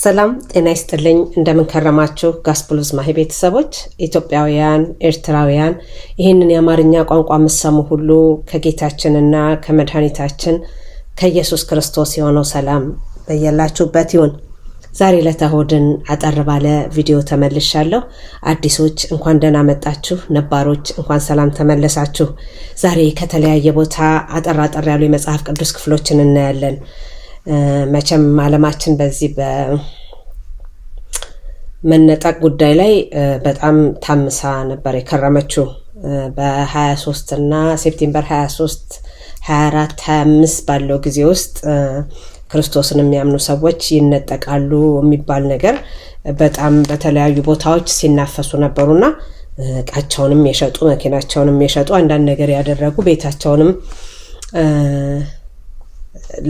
ሰላም ጤና ይስጥልኝ። እንደምንከረማችሁ ጋስፕሉዝ ማሄ ቤተሰቦች፣ ኢትዮጵያውያን፣ ኤርትራውያን ይህንን የአማርኛ ቋንቋ ምሰሙ ሁሉ ከጌታችንና ከመድኃኒታችን ከኢየሱስ ክርስቶስ የሆነው ሰላም በያላችሁበት ይሁን። ዛሬ ለተሆድን አጠር ባለ ቪዲዮ ተመልሻለሁ። አዲሶች እንኳን ደህና መጣችሁ፣ ነባሮች እንኳን ሰላም ተመለሳችሁ። ዛሬ ከተለያየ ቦታ አጠር አጠር ያሉ የመጽሐፍ ቅዱስ ክፍሎችን እናያለን። መቼም አለማችን በዚህ በመነጠቅ ጉዳይ ላይ በጣም ታምሳ ነበር የከረመችው። በ23 እና ሴፕቴምበር 23፣ 24፣ 25 ባለው ጊዜ ውስጥ ክርስቶስን የሚያምኑ ሰዎች ይነጠቃሉ የሚባል ነገር በጣም በተለያዩ ቦታዎች ሲናፈሱ ነበሩና እቃቸውንም የሸጡ መኪናቸውንም የሸጡ አንዳንድ ነገር ያደረጉ ቤታቸውንም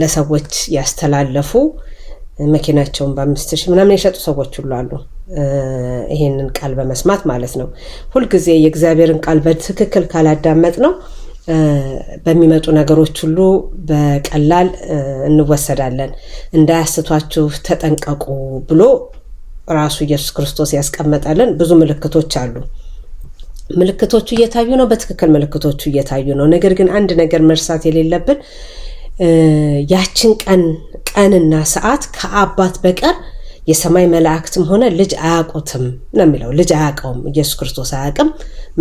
ለሰዎች ያስተላለፉ መኪናቸውን በአምስት ሺህ ምናምን የሸጡ ሰዎች ሁሉ አሉ። ይሄንን ቃል በመስማት ማለት ነው። ሁልጊዜ የእግዚአብሔርን ቃል በትክክል ካላዳመጥ ነው በሚመጡ ነገሮች ሁሉ በቀላል እንወሰዳለን። እንዳያስቷችሁ ተጠንቀቁ ብሎ ራሱ ኢየሱስ ክርስቶስ ያስቀመጠልን ብዙ ምልክቶች አሉ። ምልክቶቹ እየታዩ ነው። በትክክል ምልክቶቹ እየታዩ ነው። ነገር ግን አንድ ነገር መርሳት የሌለብን ያችን ቀን ቀንና ሰዓት ከአባት በቀር የሰማይ መላእክትም ሆነ ልጅ አያውቁትም ነው የሚለው። ልጅ አያውቀውም፣ ኢየሱስ ክርስቶስ አያውቅም፣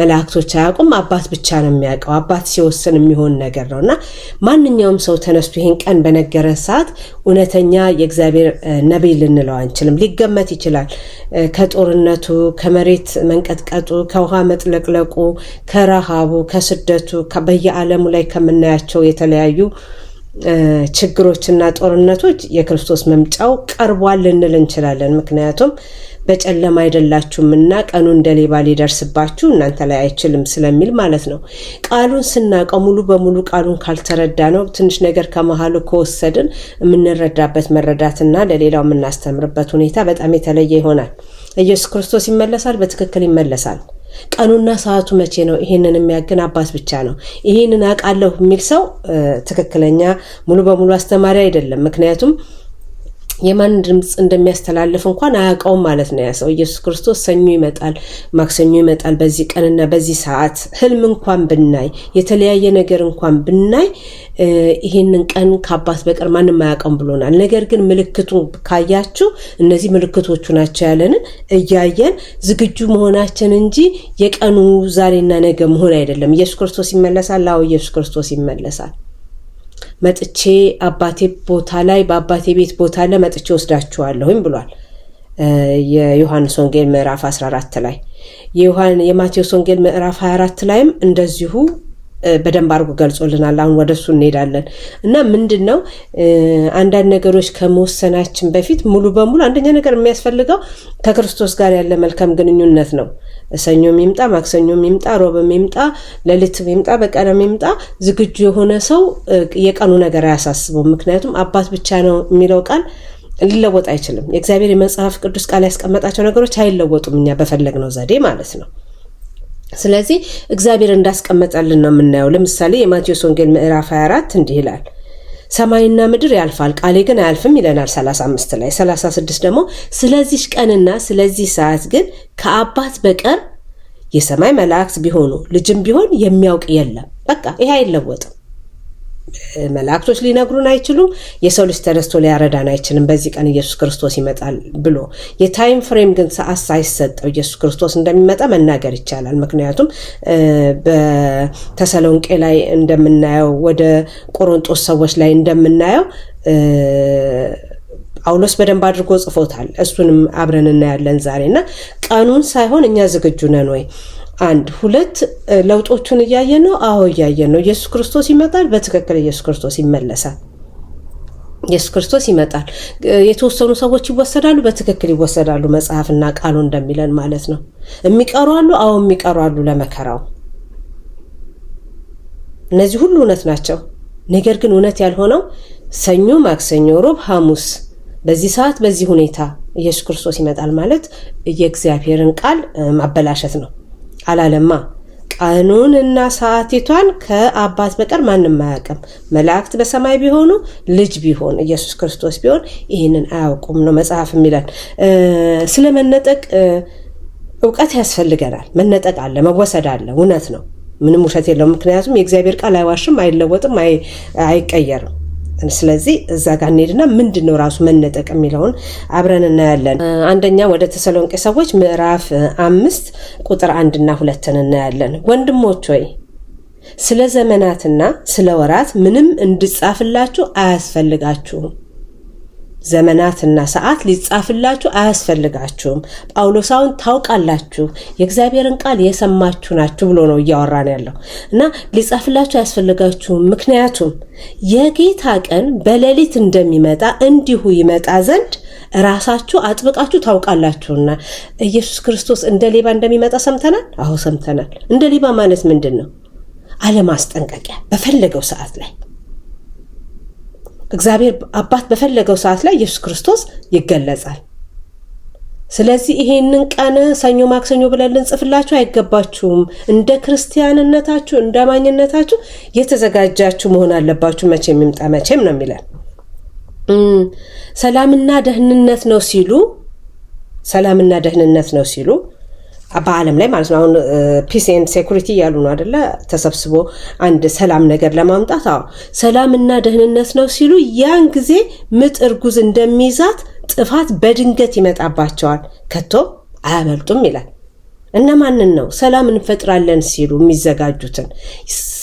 መላእክቶች አያውቁም። አባት ብቻ ነው የሚያውቀው። አባት ሲወስን የሚሆን ነገር ነው እና ማንኛውም ሰው ተነስቶ ይህን ቀን በነገረ ሰዓት እውነተኛ የእግዚአብሔር ነቢይ ልንለው አንችልም። ሊገመት ይችላል። ከጦርነቱ፣ ከመሬት መንቀጥቀጡ፣ ከውሃ መጥለቅለቁ፣ ከረሃቡ፣ ከስደቱ በየዓለሙ ላይ ከምናያቸው የተለያዩ ችግሮችና ጦርነቶች የክርስቶስ መምጫው ቀርቧል ልንል እንችላለን። ምክንያቱም በጨለማ አይደላችሁም እና ቀኑ እንደ ሌባ ሊደርስባችሁ እናንተ ላይ አይችልም ስለሚል ማለት ነው። ቃሉን ስናውቀው ሙሉ በሙሉ ቃሉን ካልተረዳ ነው ትንሽ ነገር ከመሀሉ ከወሰድን የምንረዳበት መረዳትና ለሌላው የምናስተምርበት ሁኔታ በጣም የተለየ ይሆናል። ኢየሱስ ክርስቶስ ይመለሳል፣ በትክክል ይመለሳል። ቀኑና ሰዓቱ መቼ ነው? ይህንን የሚያግን አባት ብቻ ነው። ይህንን አውቃለሁ የሚል ሰው ትክክለኛ ሙሉ በሙሉ አስተማሪ አይደለም። ምክንያቱም የማን ድምፅ እንደሚያስተላልፍ እንኳን አያውቀውም ማለት ነው። ያ ሰው ኢየሱስ ክርስቶስ ሰኞ ይመጣል፣ ማክሰኞ ይመጣል፣ በዚህ ቀንና በዚህ ሰዓት ህልም እንኳን ብናይ የተለያየ ነገር እንኳን ብናይ ይህንን ቀን ከአባት በቀር ማንም አያውቀውም ብሎናል። ነገር ግን ምልክቱ ካያችሁ እነዚህ ምልክቶቹ ናቸው ያለንን እያየን ዝግጁ መሆናችን እንጂ የቀኑ ዛሬና ነገ መሆን አይደለም። ኢየሱስ ክርስቶስ ይመለሳል። አዎ ኢየሱስ ክርስቶስ ይመለሳል። መጥቼ አባቴ ቦታ ላይ በአባቴ ቤት ቦታ ላይ መጥቼ ወስዳችኋለሁኝ ብሏል። የዮሐንስ ወንጌል ምዕራፍ 14 ላይ የማቴዎስ ወንጌል ምዕራፍ 24 ላይም እንደዚሁ በደንብ አድርጎ ገልጾልናል። አሁን ወደ እሱ እንሄዳለን እና ምንድን ነው አንዳንድ ነገሮች ከመወሰናችን በፊት ሙሉ በሙሉ አንደኛ ነገር የሚያስፈልገው ከክርስቶስ ጋር ያለ መልካም ግንኙነት ነው። ሰኞም ይምጣ ማክሰኞም ይምጣ ሮብም ይምጣ ሌሊትም ይምጣ በቀንም ይምጣ ዝግጁ የሆነ ሰው የቀኑ ነገር አያሳስበው። ምክንያቱም አባት ብቻ ነው የሚለው ቃል ሊለወጥ አይችልም። የእግዚአብሔር የመጽሐፍ ቅዱስ ቃል ያስቀመጣቸው ነገሮች አይለወጡም፣ እኛ በፈለግነው ዘዴ ማለት ነው። ስለዚህ እግዚአብሔር እንዳስቀመጠልን ነው የምናየው። ለምሳሌ የማቴዎስ ወንጌል ምዕራፍ 24 እንዲህ ይላል ሰማይና ምድር ያልፋል ቃሌ ግን አያልፍም ይለናል 35 ላይ 36 ደግሞ ስለዚህ ቀንና ስለዚህ ሰዓት ግን ከአባት በቀር የሰማይ መላእክት ቢሆኑ ልጅም ቢሆን የሚያውቅ የለም በቃ ይሄ አይለወጥም መላእክቶች ሊነግሩን አይችሉም። የሰው ልጅ ተነስቶ ሊያረዳን አይችልም። በዚህ ቀን ኢየሱስ ክርስቶስ ይመጣል ብሎ የታይም ፍሬም ግን ሰዓት ሳይሰጠው ኢየሱስ ክርስቶስ እንደሚመጣ መናገር ይቻላል። ምክንያቱም በተሰሎንቄ ላይ እንደምናየው፣ ወደ ቆሮንጦስ ሰዎች ላይ እንደምናየው ጳውሎስ በደንብ አድርጎ ጽፎታል። እሱንም አብረን እናያለን ዛሬ እና ቀኑን ሳይሆን እኛ ዝግጁ ነን ወይ አንድ ሁለት ለውጦቹን እያየን ነው። አዎ እያየን ነው። ኢየሱስ ክርስቶስ ይመጣል። በትክክል ኢየሱስ ክርስቶስ ይመለሳል። ኢየሱስ ክርስቶስ ይመጣል። የተወሰኑ ሰዎች ይወሰዳሉ፣ በትክክል ይወሰዳሉ። መጽሐፍና ቃሉ እንደሚለን ማለት ነው። የሚቀሩ አሉ። አዎ የሚቀሩ አሉ ለመከራው። እነዚህ ሁሉ እውነት ናቸው። ነገር ግን እውነት ያልሆነው ሰኞ፣ ማክሰኞ፣ ሮብ፣ ሐሙስ በዚህ ሰዓት በዚህ ሁኔታ ኢየሱስ ክርስቶስ ይመጣል ማለት የእግዚአብሔርን ቃል ማበላሸት ነው። አላለማ። ቀኑን እና ሰዓቲቷን ከአባት በቀር ማንም አያውቅም። መላእክት በሰማይ ቢሆኑ ልጅ ቢሆን ኢየሱስ ክርስቶስ ቢሆን ይህንን አያውቁም ነው መጽሐፍ የሚለን። ስለ መነጠቅ እውቀት ያስፈልገናል። መነጠቅ አለ፣ መወሰድ አለ። እውነት ነው፣ ምንም ውሸት የለውም። ምክንያቱም የእግዚአብሔር ቃል አይዋሽም፣ አይለወጥም፣ አይቀየርም። ስለዚህ እዛ ጋር እንሄድና ምንድን ነው ራሱ መነጠቅ የሚለውን አብረን እናያለን። አንደኛ ወደ ተሰሎንቄ ሰዎች ምዕራፍ አምስት ቁጥር አንድና ሁለትን እናያለን። ወንድሞች ሆይ ስለ ዘመናትና ስለ ወራት ምንም እንድጻፍላችሁ አያስፈልጋችሁም ዘመናትና ሰዓት ሊጻፍላችሁ አያስፈልጋችሁም። ጳውሎሳውን ታውቃላችሁ የእግዚአብሔርን ቃል የሰማችሁ ናችሁ ብሎ ነው እያወራን ያለው እና ሊጻፍላችሁ አያስፈልጋችሁም፣ ምክንያቱም የጌታ ቀን በሌሊት እንደሚመጣ እንዲሁ ይመጣ ዘንድ ራሳችሁ አጥብቃችሁ ታውቃላችሁና። ኢየሱስ ክርስቶስ እንደ ሌባ እንደሚመጣ ሰምተናል። አሁ ሰምተናል። እንደ ሌባ ማለት ምንድን ነው? አለማስጠንቀቂያ በፈለገው ሰዓት ላይ እግዚአብሔር አባት በፈለገው ሰዓት ላይ ኢየሱስ ክርስቶስ ይገለጻል። ስለዚህ ይሄንን ቀን ሰኞ፣ ማክሰኞ ብለን ልንጽፍላችሁ አይገባችሁም። እንደ ክርስቲያንነታችሁ እንደ አማኝነታችሁ የተዘጋጃችሁ መሆን አለባችሁ። መቼም ይምጣ መቼም ነው የሚለን። ሰላምና ደህንነት ነው ሲሉ ሰላምና ደህንነት ነው ሲሉ በዓለም ላይ ማለት ነው። አሁን ፒስ ኤንድ ሴኩሪቲ እያሉ ነው አደለ? ተሰብስቦ አንድ ሰላም ነገር ለማምጣት አዎ፣ ሰላምና ደህንነት ነው ሲሉ ያን ጊዜ ምጥ እርጉዝ እንደሚይዛት ጥፋት በድንገት ይመጣባቸዋል፣ ከቶ አያመልጡም ይላል። እነማንን ነው ሰላም እንፈጥራለን ሲሉ የሚዘጋጁትን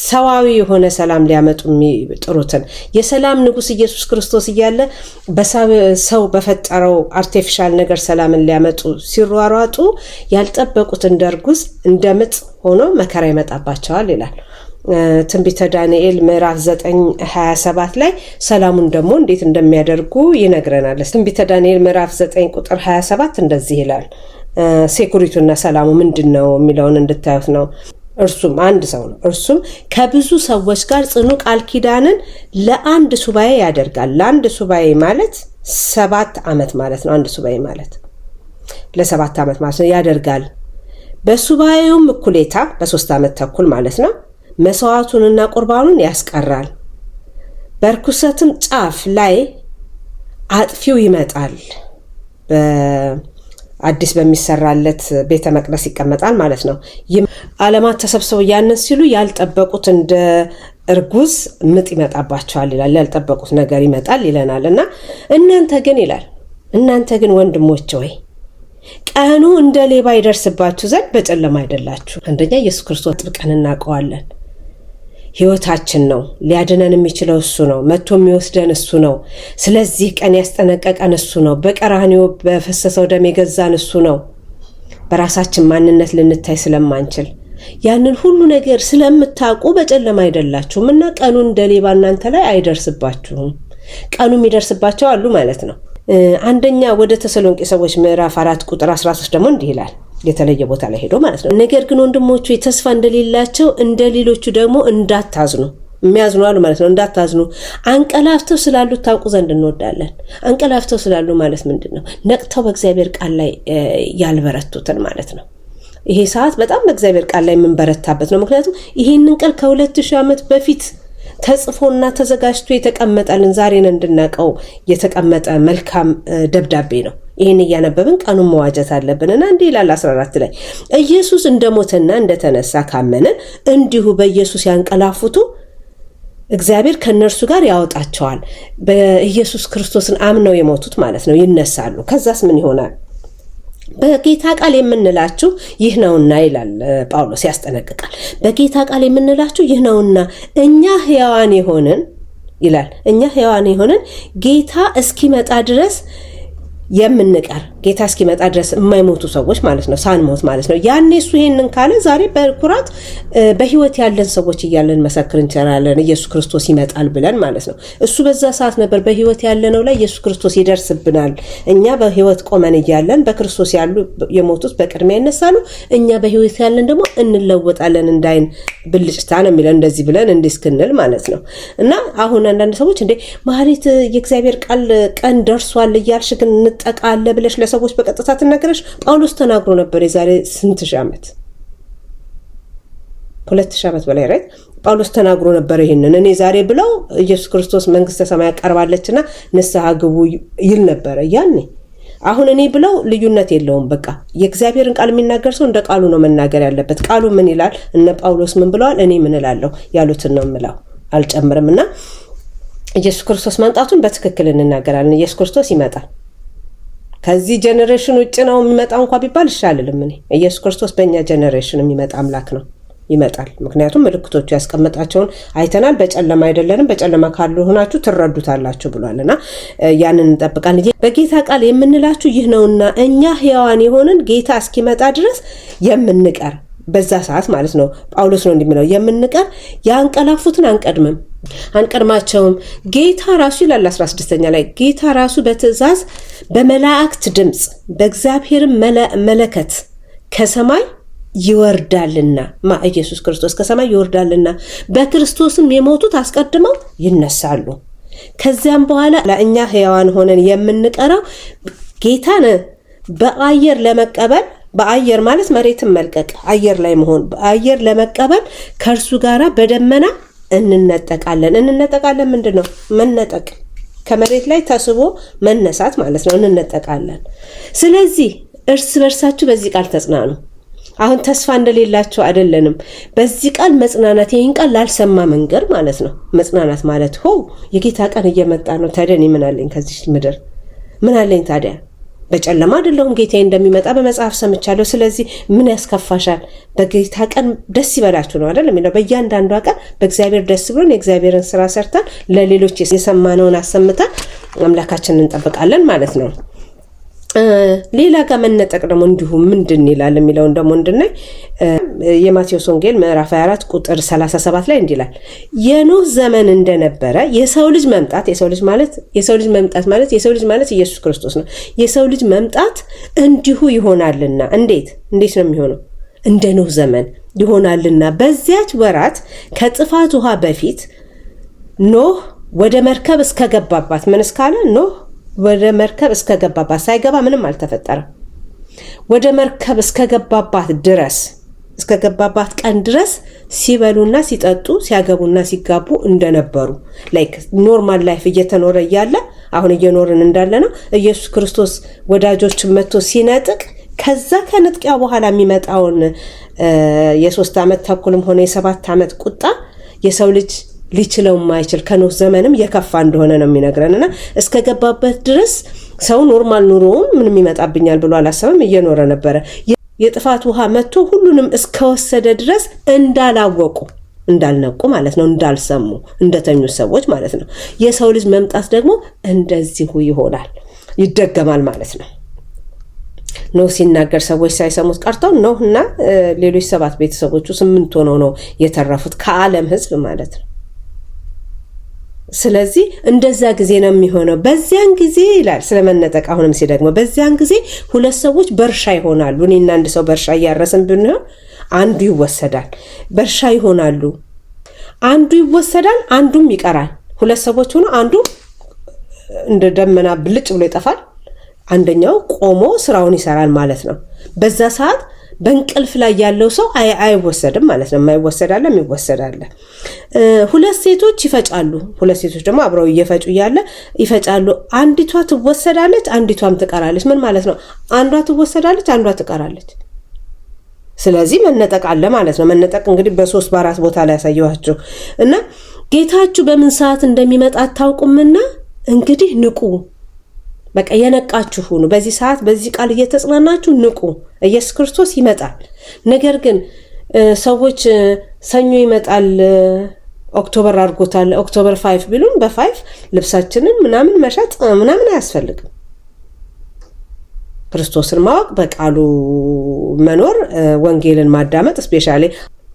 ሰዋዊ የሆነ ሰላም ሊያመጡ የሚጥሩትን የሰላም ንጉስ ኢየሱስ ክርስቶስ እያለ ሰው በፈጠረው አርቲፊሻል ነገር ሰላምን ሊያመጡ ሲሯሯጡ ያልጠበቁት እንደ እንደ ምጥ ሆኖ መከራ ይመጣባቸዋል ይላል። ትንቢተ ዳንኤል ምዕራፍ 9 27 ላይ ሰላሙን ደግሞ እንዴት እንደሚያደርጉ ይነግረናል። ትንቢተ ዳንኤል ምዕራፍ 9 ቁጥር 27 እንደዚህ ይላል ሴኩሪቲና ሰላሙ ምንድን ነው የሚለውን እንድታዩት ነው። እርሱም አንድ ሰው ነው። እርሱም ከብዙ ሰዎች ጋር ጽኑ ቃል ኪዳንን ለአንድ ሱባኤ ያደርጋል። ለአንድ ሱባኤ ማለት ሰባት ዓመት ማለት ነው። አንድ ሱባኤ ማለት ለሰባት ዓመት ማለት ነው ያደርጋል። በሱባኤውም እኩሌታ በሶስት ዓመት ተኩል ማለት ነው መስዋዕቱንና ቁርባኑን ያስቀራል። በርኩሰትም ጫፍ ላይ አጥፊው ይመጣል። አዲስ በሚሰራለት ቤተ መቅደስ ይቀመጣል ማለት ነው። ይህም ዓለማት ተሰብስበው ያንን ሲሉ ያልጠበቁት እንደ እርጉዝ ምጥ ይመጣባቸዋል ይላል። ያልጠበቁት ነገር ይመጣል ይለናል እና እናንተ ግን ይላል እናንተ ግን ወንድሞች ወይ ቀኑ እንደ ሌባ ይደርስባችሁ ዘንድ በጨለማ አይደላችሁ። አንደኛ ኢየሱስ ክርስቶስ ጥብቀን እናውቀዋለን። ህይወታችን ነው። ሊያድነን የሚችለው እሱ ነው። መጥቶ የሚወስደን እሱ ነው። ስለዚህ ቀን ያስጠነቀቀን እሱ ነው። በቀራንዮ በፈሰሰው ደም የገዛን እሱ ነው። በራሳችን ማንነት ልንታይ ስለማንችል ያንን ሁሉ ነገር ስለምታውቁ በጨለማ አይደላችሁም እና ቀኑ እንደ ሌባ እናንተ ላይ አይደርስባችሁም። ቀኑ የሚደርስባቸው አሉ ማለት ነው። አንደኛ ወደ ተሰሎንቄ ሰዎች ምዕራፍ አራት ቁጥር 13 ደግሞ እንዲህ ይላል የተለየ ቦታ ላይ ሄዶ ማለት ነው። ነገር ግን ወንድሞቹ ተስፋ እንደሌላቸው እንደ ሌሎቹ ደግሞ እንዳታዝኑ የሚያዝኑ አሉ ማለት ነው። እንዳታዝኑ አንቀላፍተው ስላሉ ታውቁ ዘንድ እንወዳለን። አንቀላፍተው ስላሉ ማለት ምንድን ነው? ነቅተው በእግዚአብሔር ቃል ላይ ያልበረቱትን ማለት ነው። ይሄ ሰዓት በጣም በእግዚአብሔር ቃል ላይ የምንበረታበት ነው። ምክንያቱም ይህንን ቃል ከሁለት ሺህ ዓመት በፊት ተጽፎና ተዘጋጅቶ የተቀመጠልን ዛሬን እንድናቀው የተቀመጠ መልካም ደብዳቤ ነው። ይህን እያነበብን ቀኑን መዋጀት አለብንና እንዲህ ይላል 14 ላይ ኢየሱስ እንደሞተና እንደተነሳ ካመንን እንዲሁ በኢየሱስ ያንቀላፉቱ እግዚአብሔር ከእነርሱ ጋር ያወጣቸዋል። በኢየሱስ ክርስቶስን አምነው የሞቱት ማለት ነው ይነሳሉ። ከዛስ ምን ይሆናል? በጌታ ቃል የምንላችሁ ይህ ነውና ይላል ጳውሎስ ያስጠነቅቃል። በጌታ ቃል የምንላችሁ ይህ ነውና እኛ ህያዋን የሆንን ይላል እኛ ህያዋን የሆንን ጌታ እስኪመጣ ድረስ የምንቀር ጌታ እስኪመጣ ድረስ የማይሞቱ ሰዎች ማለት ነው፣ ሳንሞት ማለት ነው። ያኔ እሱ ይሄንን ካለ ዛሬ በኩራት በህይወት ያለን ሰዎች እያለን መሰክር እንችላለን፣ ኢየሱስ ክርስቶስ ይመጣል ብለን ማለት ነው። እሱ በዛ ሰዓት ነበር በህይወት ያለነው ላይ ኢየሱስ ክርስቶስ ይደርስብናል። እኛ በህይወት ቆመን እያለን በክርስቶስ ያሉ የሞቱት በቅድሚያ ይነሳሉ፣ እኛ በህይወት ያለን ደግሞ እንለወጣለን። እንዳይን ብልጭታ ነው የሚለን እንደዚህ ብለን እንዲህ እስክንል ማለት ነው። እና አሁን አንዳንድ ሰዎች እንዴ ማህሌት የእግዚአብሔር ቃል ቀን ደርሷል እያልሽ ግን ሰንጠቅ አለ ብለሽ ለሰዎች በቀጥታ ትነገረሽ? ጳውሎስ ተናግሮ ነበር የዛሬ ስንት ሺህ ዓመት ሁለት ሺህ ዓመት በላይ ራይት ጳውሎስ ተናግሮ ነበረ ይህንን እኔ ዛሬ ብለው ኢየሱስ ክርስቶስ መንግስተ ሰማይ ቀርባለችና ንስሐ ግቡ ይል ነበረ ያኔ። አሁን እኔ ብለው ልዩነት የለውም። በቃ የእግዚአብሔርን ቃል የሚናገር ሰው እንደ ቃሉ ነው መናገር ያለበት። ቃሉ ምን ይላል? እነ ጳውሎስ ምን ብለዋል? እኔ ምን እላለሁ? ያሉትን ነው የምለው፣ አልጨምርም። እና ኢየሱስ ክርስቶስ መምጣቱን በትክክል እንናገራለን። ኢየሱስ ክርስቶስ ይመጣል። ከዚህ ጀኔሬሽን ውጭ ነው የሚመጣው እንኳ ቢባል ይሻልልም። እኔ ኢየሱስ ክርስቶስ በእኛ ጀኔሬሽን የሚመጣ አምላክ ነው ይመጣል። ምክንያቱም ምልክቶቹ ያስቀመጣቸውን አይተናል። በጨለማ አይደለንም፣ በጨለማ ካልሆናችሁ ትረዱታላችሁ ብሏል ያንን እንጠብቃል። በጌታ ቃል የምንላችሁ ይህ ነውና እኛ ሕያዋን የሆንን ጌታ እስኪመጣ ድረስ የምንቀር በዛ ሰዓት ማለት ነው። ጳውሎስ ነው እንደሚለው የምንቀር ያንቀላፉትን አንቀድምም አንቀድማቸውም። ጌታ ራሱ ይላል 16ኛ ላይ ጌታ ራሱ በትእዛዝ በመላእክት ድምፅ በእግዚአብሔር መለከት ከሰማይ ይወርዳልና ማ ኢየሱስ ክርስቶስ ከሰማይ ይወርዳልና በክርስቶስም የሞቱት አስቀድመው ይነሳሉ። ከዚያም በኋላ ለእኛ ሕያዋን ሆነን የምንቀረው ጌታን በአየር ለመቀበል በአየር ማለት መሬትን መልቀቅ አየር ላይ መሆን አየር ለመቀበል ከእርሱ ጋር በደመና እንነጠቃለን። እንነጠቃለን ምንድን ነው መነጠቅ? ከመሬት ላይ ተስቦ መነሳት ማለት ነው። እንነጠቃለን። ስለዚህ እርስ በርሳችሁ በዚህ ቃል ተጽናኑ። አሁን ተስፋ እንደሌላቸው አይደለንም። በዚህ ቃል መጽናናት ይህን ቃል ላልሰማ መንገር ማለት ነው። መጽናናት ማለት ሆ የጌታ ቀን እየመጣ ነው፣ ታዲያ እኔ ምን አለኝ? ከዚህ ምድር ምን አለኝ ታዲያ በጨለማ አይደለሁም ጌታዬ እንደሚመጣ በመጽሐፍ ሰምቻለሁ። ስለዚህ ምን ያስከፋሻል? በጌታ ቀን ደስ ይበላችሁ ነው አይደል የሚለው። በእያንዳንዷ ቀን በእግዚአብሔር ደስ ብሎን የእግዚአብሔርን ስራ ሰርተን ለሌሎች የሰማነውን አሰምተን አምላካችንን እንጠብቃለን ማለት ነው። ሌላ ጋር መነጠቅ ደግሞ እንዲሁም ምንድን ይላል የሚለውን ደግሞ እንድናይ የማቴዎስ ወንጌል ምዕራፍ 24 ቁጥር 37 ላይ እንዲላል የኖህ ዘመን እንደነበረ የሰው ልጅ መምጣት የሰው ልጅ ማለት የሰው ልጅ መምጣት ማለት የሰው ልጅ ማለት ኢየሱስ ክርስቶስ ነው። የሰው ልጅ መምጣት እንዲሁ ይሆናልና እንዴት እንዴት ነው የሚሆነው? እንደ ኖህ ዘመን ይሆናልና በዚያች ወራት ከጥፋት ውሃ በፊት ኖህ ወደ መርከብ እስከገባባት ምን እስካለ ኖህ ወደ መርከብ እስከገባባት ሳይገባ ምንም አልተፈጠረም። ወደ መርከብ እስከገባባት ድረስ እስከገባባት ቀን ድረስ ሲበሉና ሲጠጡ ሲያገቡና ሲጋቡ እንደነበሩ ላይክ ኖርማል ላይፍ እየተኖረ እያለ አሁን እየኖርን እንዳለ ነው። ኢየሱስ ክርስቶስ ወዳጆችን መጥቶ ሲነጥቅ ከዛ ከንጥቂያ በኋላ የሚመጣውን የሶስት ዓመት ተኩልም ሆነ የሰባት ዓመት ቁጣ የሰው ልጅ ሊችለው የማይችል ከኖህ ዘመንም የከፋ እንደሆነ ነው የሚነግረን እና እስከገባበት ድረስ ሰው ኖርማል ኑሮውም ምንም ይመጣብኛል ብሎ አላሰበም፣ እየኖረ ነበረ። የጥፋት ውሃ መጥቶ ሁሉንም እስከወሰደ ድረስ እንዳላወቁ እንዳልነቁ ማለት ነው፣ እንዳልሰሙ እንደተኙ ሰዎች ማለት ነው። የሰው ልጅ መምጣት ደግሞ እንደዚሁ ይሆናል፣ ይደገማል ማለት ነው። ኖህ ሲናገር ሰዎች ሳይሰሙት ቀርተው ኖህ እና ሌሎች ሰባት ቤተሰቦቹ ስምንት ሆነው ነው የተረፉት ከዓለም ሕዝብ ማለት ነው። ስለዚህ እንደዛ ጊዜ ነው የሚሆነው። በዚያን ጊዜ ይላል ስለመነጠቅ አሁንም ደግሞ በዚያን ጊዜ ሁለት ሰዎች በእርሻ ይሆናሉ። እኔና አንድ ሰው በእርሻ እያረስን ብንሆን አንዱ ይወሰዳል። በእርሻ ይሆናሉ፣ አንዱ ይወሰዳል፣ አንዱም ይቀራል። ሁለት ሰዎች ሆኖ አንዱ እንደ ደመና ብልጭ ብሎ ይጠፋል፣ አንደኛው ቆሞ ስራውን ይሰራል ማለት ነው በዛ ሰዓት በእንቅልፍ ላይ ያለው ሰው አይወሰድም ማለት ነው። የማይወሰድ አለ፣ የሚወሰድ አለ። ሁለት ሴቶች ይፈጫሉ። ሁለት ሴቶች ደግሞ አብረው እየፈጩ እያለ ይፈጫሉ። አንዲቷ ትወሰዳለች፣ አንዲቷም ትቀራለች። ምን ማለት ነው? አንዷ ትወሰዳለች፣ አንዷ ትቀራለች። ስለዚህ መነጠቅ አለ ማለት ነው። መነጠቅ እንግዲህ በሶስት በአራት ቦታ ላይ ያሳየኋቸው እና ጌታችሁ በምን ሰዓት እንደሚመጣ አታውቁምና እንግዲህ ንቁ በቃ የነቃችሁ ሁኑ። በዚህ ሰዓት በዚህ ቃል እየተጽናናችሁ ንቁ። ኢየሱስ ክርስቶስ ይመጣል። ነገር ግን ሰዎች ሰኞ ይመጣል ኦክቶበር አድርጎታል ኦክቶበር ፋይፍ ቢሉን በፋይፍ ልብሳችንን ምናምን መሸጥ ምናምን አያስፈልግም። ክርስቶስን ማወቅ፣ በቃሉ መኖር፣ ወንጌልን ማዳመጥ እስፔሻሊ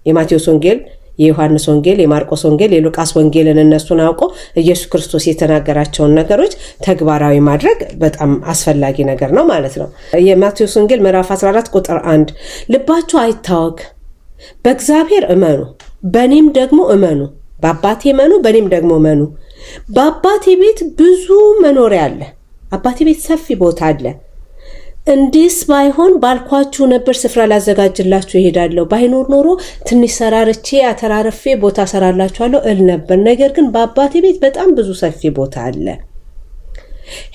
የማቴዎስ ወንጌል የዮሐንስ ወንጌል፣ የማርቆስ ወንጌል፣ የሉቃስ ወንጌልን እነሱን አውቆ ኢየሱስ ክርስቶስ የተናገራቸውን ነገሮች ተግባራዊ ማድረግ በጣም አስፈላጊ ነገር ነው ማለት ነው። የማቴዎስ ወንጌል ምዕራፍ 14 ቁጥር 1 ልባችሁ አይታወክ፣ በእግዚአብሔር እመኑ፣ በእኔም ደግሞ እመኑ፣ በአባቴ እመኑ፣ በእኔም ደግሞ እመኑ። በአባቴ ቤት ብዙ መኖሪያ አለ። አባቴ ቤት ሰፊ ቦታ አለ። እንዲስ ባይሆን ባልኳችሁ ነበር ስፍራ ላዘጋጅላችሁ ይሄዳለሁ። ባይኖር ኖሮ ትንሽ ሰራርቼ አተራረፌ ቦታ ሰራላችኋለሁ እል ነበር። ነገር ግን በአባቴ ቤት በጣም ብዙ ሰፊ ቦታ አለ።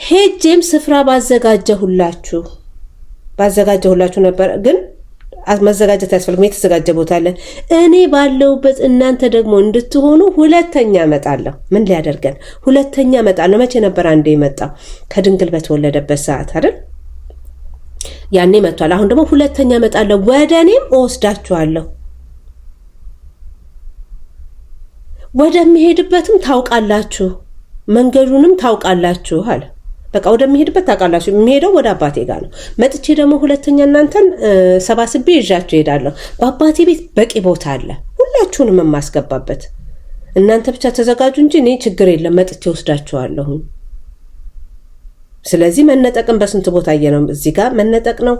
ሄጄም ስፍራ ባዘጋጀሁላችሁ ባዘጋጀሁላችሁ ነበር ግን መዘጋጀት አያስፈልግም። የተዘጋጀ ቦታ አለ። እኔ ባለውበት እናንተ ደግሞ እንድትሆኑ ሁለተኛ እመጣለሁ። ምን ሊያደርገን ሁለተኛ እመጣለሁ? መቼ ነበር አንዴ የመጣው? ከድንግል በተወለደበት ሰዓት አይደል? ያኔ መጥቷል። አሁን ደግሞ ሁለተኛ እመጣለሁ፣ ወደ እኔም እወስዳችኋለሁ፣ ወደሚሄድበትም ታውቃላችሁ፣ መንገዱንም ታውቃላችሁ አለ። በቃ ወደሚሄድበት ታውቃላችሁ። የሚሄደው ወደ አባቴ ጋር ነው። መጥቼ ደግሞ ሁለተኛ እናንተን ሰባስቤ ይዣችሁ እሄዳለሁ። በአባቴ ቤት በቂ ቦታ አለ፣ ሁላችሁንም የማስገባበት እናንተ ብቻ ተዘጋጁ እንጂ እኔ ችግር የለም፣ መጥቼ ወስዳችኋለሁኝ። ስለዚህ መነጠቅን በስንት ቦታ እየ ነው እዚህ ጋር መነጠቅ ነው።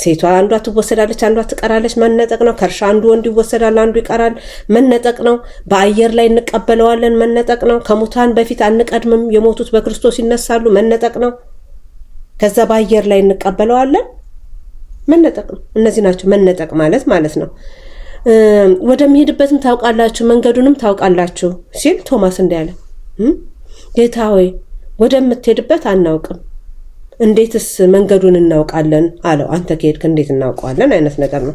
ሴቷ አንዷ ትወሰዳለች፣ አንዷ ትቀራለች። መነጠቅ ነው። ከእርሻ አንዱ ወንድ ይወሰዳል፣ አንዱ ይቀራል። መነጠቅ ነው። በአየር ላይ እንቀበለዋለን። መነጠቅ ነው። ከሙታን በፊት አንቀድምም፣ የሞቱት በክርስቶስ ይነሳሉ። መነጠቅ ነው። ከዛ በአየር ላይ እንቀበለዋለን። መነጠቅ ነው። እነዚህ ናቸው መነጠቅ ማለት ማለት ነው። ወደሚሄድበትም ታውቃላችሁ፣ መንገዱንም ታውቃላችሁ ሲል ቶማስ እንዲያለ ጌታ ሆይ ወደምትሄድበት አናውቅም፣ እንዴትስ መንገዱን እናውቃለን አለው። አንተ ከሄድክ እንዴት እናውቀዋለን አይነት ነገር ነው።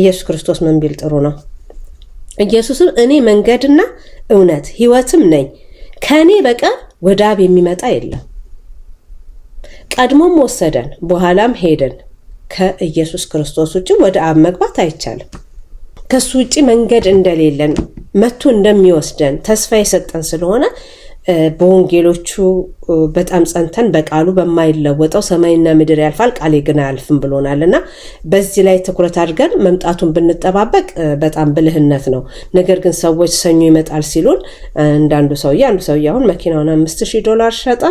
ኢየሱስ ክርስቶስ ምን ቢል ጥሩ ነው? ኢየሱስም እኔ መንገድና እውነት ሕይወትም ነኝ፣ ከእኔ በቀር ወደ አብ የሚመጣ የለም። ቀድሞም ወሰደን፣ በኋላም ሄደን። ከኢየሱስ ክርስቶስ ውጭ ወደ አብ መግባት አይቻልም። ከሱ ውጭ መንገድ እንደሌለን መቶ እንደሚወስደን ተስፋ የሰጠን ስለሆነ በወንጌሎቹ በጣም ጸንተን በቃሉ በማይለወጠው ሰማይና ምድር ያልፋል ቃሌ ግን አያልፍም ብሎናል እና በዚህ ላይ ትኩረት አድርገን መምጣቱን ብንጠባበቅ በጣም ብልህነት ነው። ነገር ግን ሰዎች ሰኞ ይመጣል ሲሉን እንዳንዱ ሰውዬ አንዱ ሰውዬ አሁን መኪናውን አምስት ሺህ ዶላር ሸጠ፣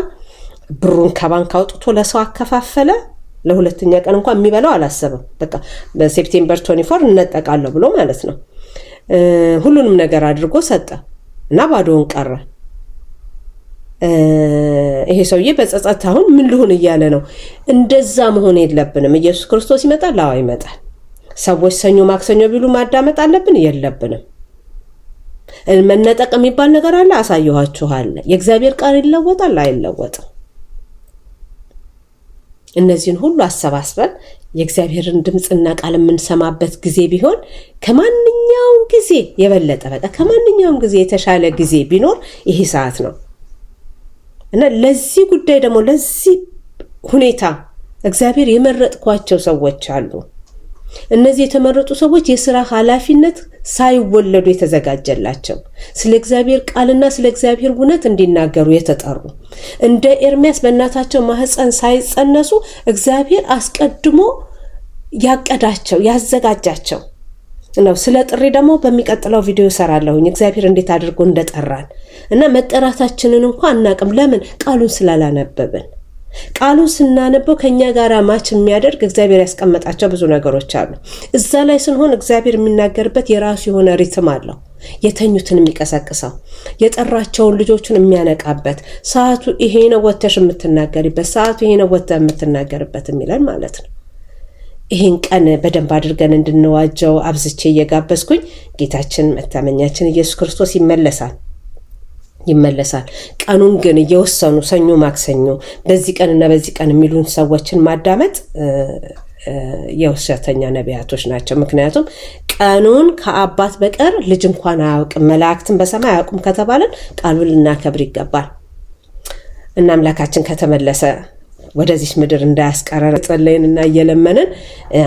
ብሩን ከባንክ አውጥቶ ለሰው አከፋፈለ። ለሁለተኛ ቀን እንኳን የሚበላው አላሰበም። በቃ በሴፕቴምበር ቶኒ ፎር እነጠቃለሁ ብሎ ማለት ነው። ሁሉንም ነገር አድርጎ ሰጠ እና ባዶውን ቀረ። ይሄ ሰውዬ በጸጸት አሁን ምን ልሁን እያለ ነው። እንደዛ መሆን የለብንም። ኢየሱስ ክርስቶስ ይመጣል። አዎ ይመጣል። ሰዎች ሰኞ ማክሰኞ ቢሉ ማዳመጥ አለብን የለብንም። መነጠቅ የሚባል ነገር አለ። አሳየኋችኋለ። የእግዚአብሔር ቃል ይለወጣል አይለወጥም። እነዚህን ሁሉ አሰባስበን የእግዚአብሔርን ድምፅና ቃል የምንሰማበት ጊዜ ቢሆን ከማንኛውም ጊዜ የበለጠ በቃ ከማንኛውም ጊዜ የተሻለ ጊዜ ቢኖር ይሄ ሰዓት ነው። እና ለዚህ ጉዳይ ደግሞ ለዚህ ሁኔታ እግዚአብሔር የመረጥኳቸው ሰዎች አሉ። እነዚህ የተመረጡ ሰዎች የስራ ኃላፊነት ሳይወለዱ የተዘጋጀላቸው ስለ እግዚአብሔር ቃልና ስለ እግዚአብሔር እውነት እንዲናገሩ የተጠሩ እንደ ኤርሚያስ በእናታቸው ማህፀን ሳይጸነሱ እግዚአብሔር አስቀድሞ ያቀዳቸው ያዘጋጃቸው ነው። ስለ ጥሪ ደግሞ በሚቀጥለው ቪዲዮ እሰራለሁኝ። እግዚአብሔር እንዴት አድርጎ እንደጠራን እና መጠራታችንን እንኳ አናቅም። ለምን ቃሉን ስላላነበብን። ቃሉን ስናነበው ከእኛ ጋር ማች የሚያደርግ እግዚአብሔር ያስቀመጣቸው ብዙ ነገሮች አሉ። እዛ ላይ ስንሆን እግዚአብሔር የሚናገርበት የራሱ የሆነ ሪትም አለው። የተኙትን የሚቀሰቅሰው የጠራቸውን ልጆቹን የሚያነቃበት ሰዓቱ ይሄ ነው ወተሽ የምትናገሪበት ሰዓቱ ይሄ ነው ወተ የምትናገርበት የሚለን ማለት ነው። ይህን ቀን በደንብ አድርገን እንድንዋጀው አብዝቼ እየጋበዝኩኝ ጌታችን መታመኛችን ኢየሱስ ክርስቶስ ይመለሳል ይመለሳል። ቀኑን ግን እየወሰኑ ሰኞ፣ ማክሰኞ በዚህ ቀንና በዚህ ቀን የሚሉን ሰዎችን ማዳመጥ የውሸተኛ ነቢያቶች ናቸው። ምክንያቱም ቀኑን ከአባት በቀር ልጅ እንኳን አያውቅም፣ መላእክትን በሰማይ አያውቁም ከተባለን ቃሉን ልናከብር ይገባል እና አምላካችን ከተመለሰ ወደዚች ምድር እንዳያስቀረን ጸለይንና እየለመንን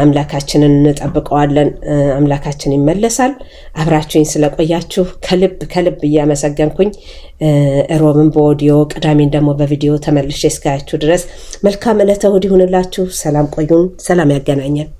አምላካችንን እንጠብቀዋለን። አምላካችን ይመለሳል። አብራችሁኝ ስለቆያችሁ ከልብ ከልብ እያመሰገንኩኝ ሮብን በኦዲዮ ቅዳሜን ደግሞ በቪዲዮ ተመልሼ እስካያችሁ ድረስ መልካም ዕለተ እሑድ ይሁንላችሁ። ሰላም ቆዩን። ሰላም ያገናኘን።